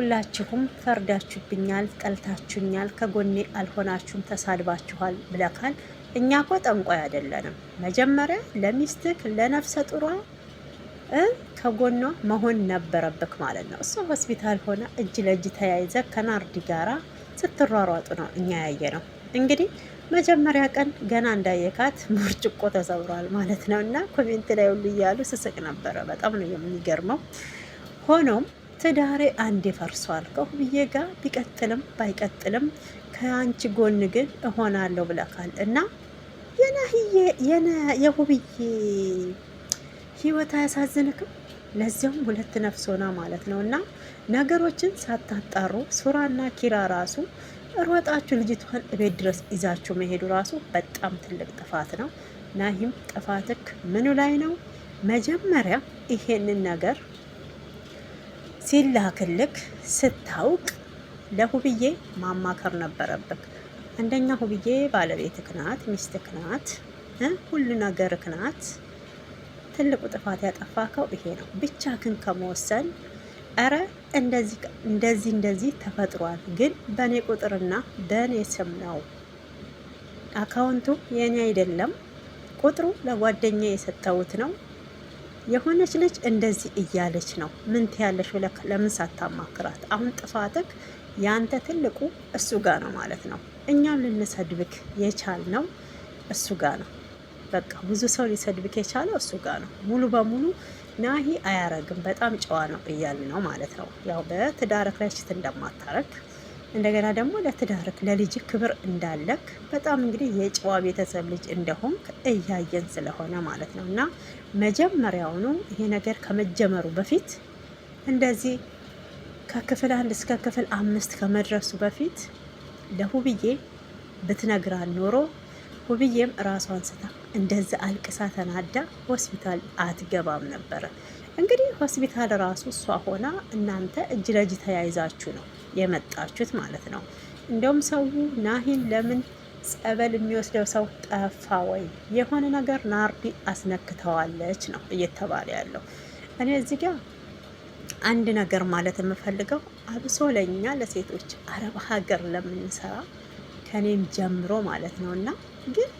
ሁላችሁም ፈርዳችሁብኛል፣ ጠልታችሁኛል፣ ከጎኔ አልሆናችሁም፣ ተሳድባችኋል ብለካል። እኛ ኮ ጠንቋይ አይደለንም። መጀመሪያ ለሚስትክ ለነፍሰ ጡሯ ከጎኗ መሆን ነበረብክ ማለት ነው። እሱ ሆስፒታል ሆነ እጅ ለእጅ ተያይዘ ከናርዲ ጋራ ስትሯሯጡ ነው እኛ ያየ ነው። እንግዲህ መጀመሪያ ቀን ገና እንዳየካት ብርጭቆ ተሰብሯል ማለት ነው። እና ኮሜንት ላይ ሁሉ እያሉ ስስቅ ነበረ። በጣም ነው የሚገርመው። ሆኖም ትዳሬ አንዴ ፈርሷል ከሁብዬ ጋር ቢቀጥልም ባይቀጥልም ከአንቺ ጎን ግን እሆናለሁ ብለካል እና የናህዬ የሁብዬ ህይወት አያሳዝንክም? ለዚያውም ሁለት ነፍስ ሆና ማለት ነው። እና ነገሮችን ሳታጣሩ ሱራና ኪራ ራሱ ሮጣችሁ ልጅቷን እቤት ድረስ ይዛችሁ መሄዱ ራሱ በጣም ትልቅ ጥፋት ነው። ናሂም ጥፋትክ ምኑ ላይ ነው? መጀመሪያ ይሄንን ነገር ሲላክልክ ስታውቅ ለሁብዬ ማማከር ነበረብክ። አንደኛ ሁብዬ ባለቤት ክናት፣ ሚስት ክናት፣ ሁሉ ነገር ክናት። ትልቁ ጥፋት ያጠፋከው ይሄ ነው። ብቻ ክን ከመወሰን ኧረ እንደዚህ እንደዚህ እንደዚህ ተፈጥሯል፣ ግን በእኔ ቁጥርና በእኔ ስም ነው አካውንቱ የእኔ አይደለም፣ ቁጥሩ ለጓደኛ የሰጠሁት ነው የሆነች ልጅ እንደዚህ እያለች ነው። ምን ትያለሽ ብለህ ለምን ሳታማክራት? አሁን ጥፋትክ ያንተ ትልቁ እሱ ጋር ነው ማለት ነው። እኛም ልንሰድብክ የቻል ነው እሱ ጋር ነው። በቃ ብዙ ሰው ሊሰድብክ የቻለው እሱ ጋር ነው። ሙሉ በሙሉ ናሂ አያረግም፣ በጣም ጨዋ ነው እያል ነው ማለት ነው። ያው በትዳርክ ላይ ሽት እንደማታረግ እንደገና ደግሞ ለትዳርክ ለልጅ ክብር እንዳለክ በጣም እንግዲህ የጨዋ ቤተሰብ ልጅ እንደሆንክ እያየን ስለሆነ ማለት ነው። እና መጀመሪያውኑ ይሄ ነገር ከመጀመሩ በፊት እንደዚህ ከክፍል አንድ እስከ ክፍል አምስት ከመድረሱ በፊት ለሁብዬ ብትነግራን ኖሮ ሁብዬም ራሷን አንስታ እንደዚ አልቅሳ ተናዳ ሆስፒታል አትገባም ነበረ። እንግዲህ ሆስፒታል ራሱ እሷ ሆና እናንተ እጅ ለእጅ ተያይዛችሁ ነው የመጣችሁት ማለት ነው። እንደውም ሰው ናሂን ለምን ጸበል የሚወስደው ሰው ጠፋ ወይ የሆነ ነገር ናርዲ አስነክተዋለች ነው እየተባለ ያለው። እኔ እዚህ ጋር አንድ ነገር ማለት የምፈልገው አብሶ ለእኛ ለሴቶች አረብ ሀገር ለምንሰራ ከኔም ጀምሮ ማለት ነው እና ግን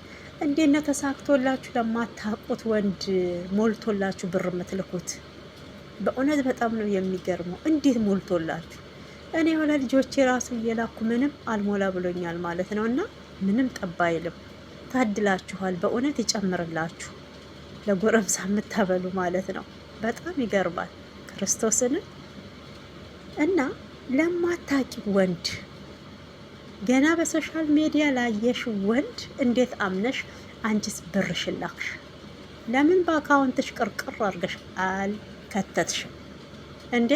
እንዴት ነው ተሳክቶላችሁ ለማታውቁት ወንድ ሞልቶላችሁ ብር የምትልኩት? በእውነት በጣም ነው የሚገርመው። እንዴት ሞልቶላችሁ እኔ የሆነ ልጆቼ ራሱ እየላኩ ምንም አልሞላ ብሎኛል ማለት ነው። እና ምንም ጠባ አይልም። ታድላችኋል። በእውነት ይጨምርላችሁ ለጎረምሳ የምታበሉ ማለት ነው። በጣም ይገርማል ክርስቶስን እና ለማታቂ ወንድ ገና በሶሻል ሜዲያ ላየሽ ወንድ እንዴት አምነሽ አንቺስ ብርሽላክሽ ላክሽ? ለምን በአካውንትሽ ቅርቅር አድርገሽ አልከተትሽም እንዴ?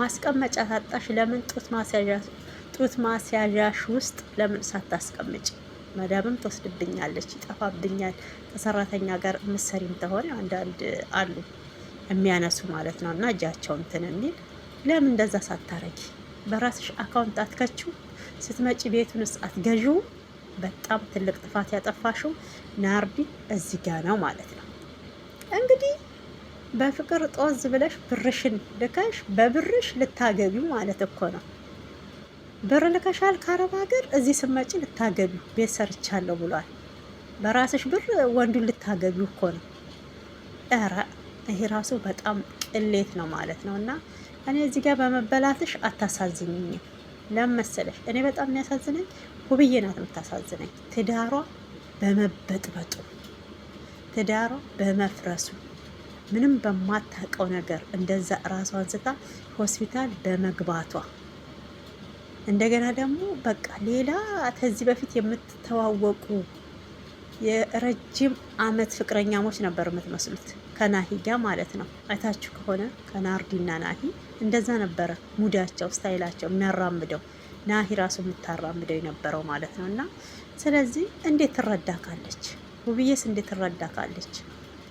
ማስቀመጫ ታጣሽ? ለምን ጡት ማስያዣሽ ውስጥ ለምን ሳታስቀምጭ? መዳብም ትወስድብኛለች፣ ይጠፋብኛል። ከሰራተኛ ጋር ምሰሪም ተሆን አንዳንድ አሉ የሚያነሱ ማለት ነው እና እጃቸው እንትን የሚል ለምን እንደዛ ሳታረጊ በራስሽ አካውንት አትከችው? ስትመጪ ቤቱንስ አትገዥ በጣም ትልቅ ጥፋት ያጠፋሽው ናርዲ እዚህ ጋ ነው ማለት ነው እንግዲህ በፍቅር ጦዝ ብለሽ ብርሽን ልከሽ በብርሽ ልታገቢው ማለት እኮ ነው። ብር ልከሻል ከአረብ ሀገር እዚህ ስመጪ ልታገቢው ቤት ሰርቻለሁ ብሏል። በራስሽ ብር ወንዱን ልታገቢው እኮ ነው። ኧረ ይሄ ራሱ በጣም ቅሌት ነው ማለት ነው። እና እኔ እዚህ ጋር በመበላትሽ አታሳዝኝኝም። ለምን መሰለሽ እኔ በጣም የሚያሳዝነኝ ውብዬ ናት የምታሳዝነኝ፣ ትዳሯ በመበጥበጡ ትዳሯ በመፍረሱ ምንም በማታውቀው ነገር እንደዛ ራሷን ስታ ሆስፒታል በመግባቷ እንደገና ደግሞ በቃ ሌላ ከዚህ በፊት የምትተዋወቁ የረጅም አመት ፍቅረኛሞች ነበር የምትመስሉት ከናሂ ጋር ማለት ነው። አይታችሁ ከሆነ ከናርዲና ናሂ እንደዛ ነበረ ሙዳቸው፣ ስታይላቸው የሚያራምደው ናሂ ራሱ የምታራምደው የነበረው ማለት ነው። እና ስለዚህ እንዴት ትረዳካለች? ውብዬስ እንዴት ትረዳካለች?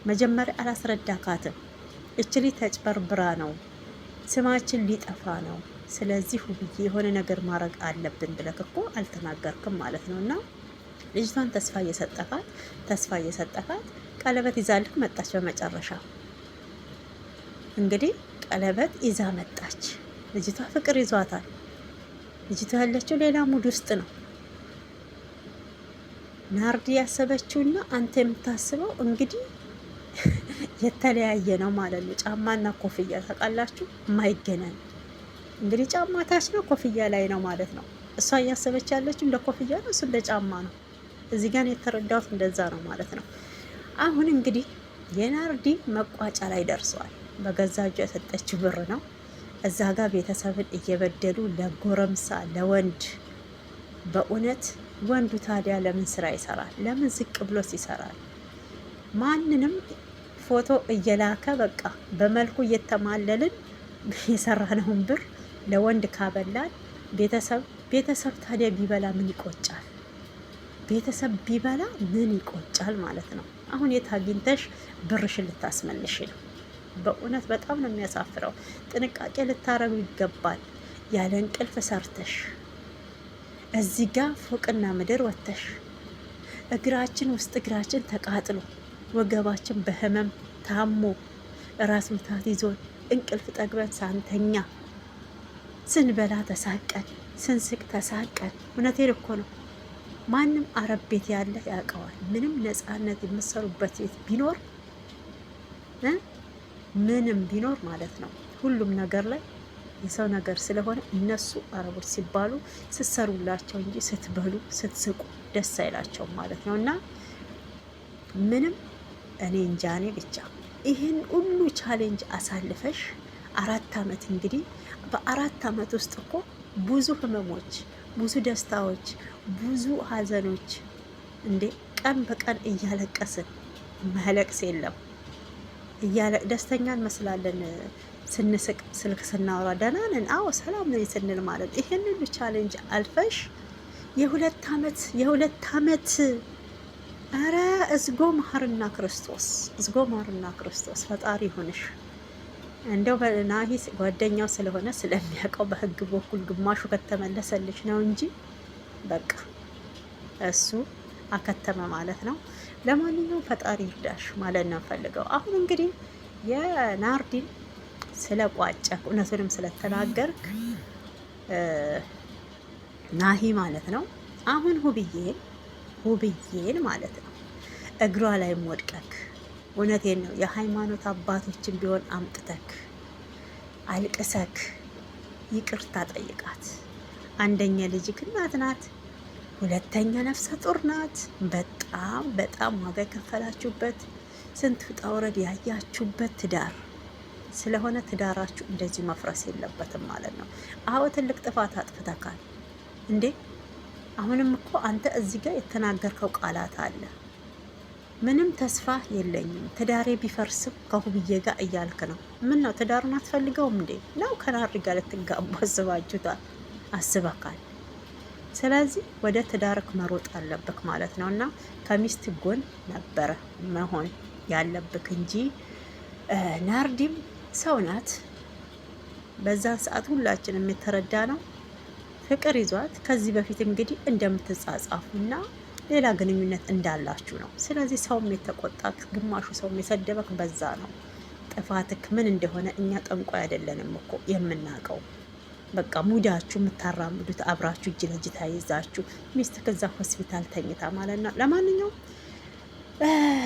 መጀመሪያ አላስረዳካትም። እችሊ ተጭበርብራ ነው፣ ስማችን ሊጠፋ ነው። ስለዚህ ሁብዬ የሆነ ነገር ማድረግ አለብን ብለክ እኮ አልተናገርክም ማለት ነው። እና ልጅቷን ተስፋ እየሰጠካት ተስፋ እየሰጠካት ቀለበት ይዛልክ መጣች። በመጨረሻ እንግዲህ ቀለበት ይዛ መጣች። ልጅቷ ፍቅር ይዟታል። ልጅቷ ያለችው ሌላ ሙድ ውስጥ ነው። ናርዲ ያሰበችውና አንተ የምታስበው እንግዲህ የተለያየ ነው ማለት ነው። ጫማና ኮፍያ ታውቃላችሁ፣ ማይገናኝ እንግዲህ ጫማ ታች ነው፣ ኮፍያ ላይ ነው ማለት ነው። እሷ እያሰበች ያለችው እንደ ኮፍያ ነው፣ እሱ እንደ ጫማ ነው። እዚህ ጋር የተረዳሁት እንደዛ ነው ማለት ነው። አሁን እንግዲህ የናርዲ መቋጫ ላይ ደርሰዋል። በገዛ እጇ የሰጠችው ብር ነው። እዛ ጋር ቤተሰብን እየበደሉ ለጎረምሳ ለወንድ በእውነት ወንዱ ታዲያ ለምን ስራ ይሰራል? ለምን ዝቅ ብሎስ ይሰራል? ማንንም ፎቶ እየላከ በቃ በመልኩ እየተማለልን የሰራነውን ብር ለወንድ ካበላን ቤተሰብ ቤተሰብ ታዲያ ቢበላ ምን ይቆጫል? ቤተሰብ ቢበላ ምን ይቆጫል ማለት ነው። አሁን የት አግኝተሽ ብርሽን ልታስመልሽ ነው? በእውነት በጣም ነው የሚያሳፍረው። ጥንቃቄ ልታረጉ ይገባል። ያለ እንቅልፍ ሰርተሽ እዚህ ጋር ፎቅና ምድር ወጥተሽ እግራችን ውስጥ እግራችን ተቃጥሎ ወገባችን በህመም ታሞ ራስ ምታት ይዞን እንቅልፍ ጠግበን ሳንተኛ ስንበላ ተሳቀን ስንስቅ ተሳቀን። እውነቴን እኮ ነው። ማንም አረብ ቤት ያለ ያውቀዋል። ምንም ነፃነት የምትሰሩበት ቤት ቢኖር ምንም ቢኖር ማለት ነው ሁሉም ነገር ላይ የሰው ነገር ስለሆነ እነሱ አረቦች ሲባሉ ስትሰሩላቸው እንጂ ስትበሉ ስትስቁ ደስ አይላቸውም ማለት ነው እና ምንም እኔ እንጃ እኔ ብቻ ይህን ሁሉ ቻሌንጅ አሳልፈሽ አራት አመት እንግዲህ በአራት አመት ውስጥ እኮ ብዙ ህመሞች፣ ብዙ ደስታዎች፣ ብዙ ሀዘኖች እንዴ ቀን በቀን እያለቀስን መለቅስ የለም ደስተኛ እንመስላለን። ስንስቅ ስልክ ስናወራ ደህና ነን፣ አዎ ሰላም ነኝ ስንል ማለት ይህን ሁሉ ቻሌንጅ አልፈሽ የሁለት አመት የሁለት አመት ኧረ እዝጎ መሐርና ክርስቶስ እዝጎ መሐርና ክርስቶስ ፈጣሪ ሆንሽ። እንደው በናሂስ ጓደኛው ስለሆነ ስለሚያውቀው በህግ በኩል ግማሹ ከተመለሰልሽ ነው እንጂ በቃ እሱ አከተመ ማለት ነው። ለማንኛውም ፈጣሪ ይርዳሽ ማለት ነው ፈልገው አሁን እንግዲህ የናርዲን ስለ ቋጨ እውነቱንም ስለተናገርክ ናሂ ማለት ነው። አሁን ሁብዬ ውብዬን ማለት ነው። እግሯ ላይም ወድቀክ እውነቴን ነው። የሃይማኖት አባቶችን ቢሆን አምጥተክ አልቅሰክ ይቅርታ ጠይቃት። አንደኛ ልጅክ እናት ናት፣ ሁለተኛ ነፍሰ ጡር ናት። በጣም በጣም ዋጋ የከፈላችሁበት ስንት ውጣ ውረድ ያያችሁበት ትዳር ስለሆነ ትዳራችሁ እንደዚህ መፍረስ የለበትም ማለት ነው። አዎ ትልቅ ጥፋት አጥፍተካል እንዴ አሁንም እኮ አንተ እዚህ ጋር የተናገርከው ቃላት አለ። ምንም ተስፋ የለኝም ትዳሬ ቢፈርስም ከሁብዬ ጋር እያልክ ነው። ምን ነው ትዳሩን አትፈልገውም እንዴ? ነው ከናሪ ጋር ልትጋቡ አስባችሁታል፣ አስበካል። ስለዚህ ወደ ትዳርክ መሮጥ አለብክ ማለት ነው። እና ከሚስት ጎን ነበረ መሆን ያለብክ እንጂ ናርዲም ሰው ናት። በዛን ሰዓት ሁላችንም የተረዳ ነው። ፍቅር ይዟት ከዚህ በፊት እንግዲህ እንደምትጻጻፉና ሌላ ግንኙነት እንዳላችሁ ነው። ስለዚህ ሰውም የተቆጣክ ግማሹ ሰውም የሰደበክ በዛ ነው። ጥፋትክ ምን እንደሆነ እኛ ጠንቋይ አይደለንም እኮ የምናውቀው። በቃ ሙዳችሁ የምታራምዱት አብራችሁ እጅ ለእጅ ታይዛችሁ ሚስት ከዛ ሆስፒታል ተኝታ ማለት ነው። ለማንኛውም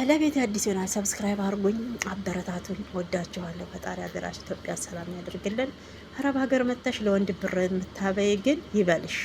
ለቤት አዲስ ይሆናል ሰብስክራይብ አድርጉኝ፣ አበረታቱን። ወዳችኋለሁ። ፈጣሪ ሀገራችን ኢትዮጵያ ሰላም ያደርግልን። አረብ ሀገር መጥተሽ ለወንድ ብር የምታበይ ግን ይበልሽ።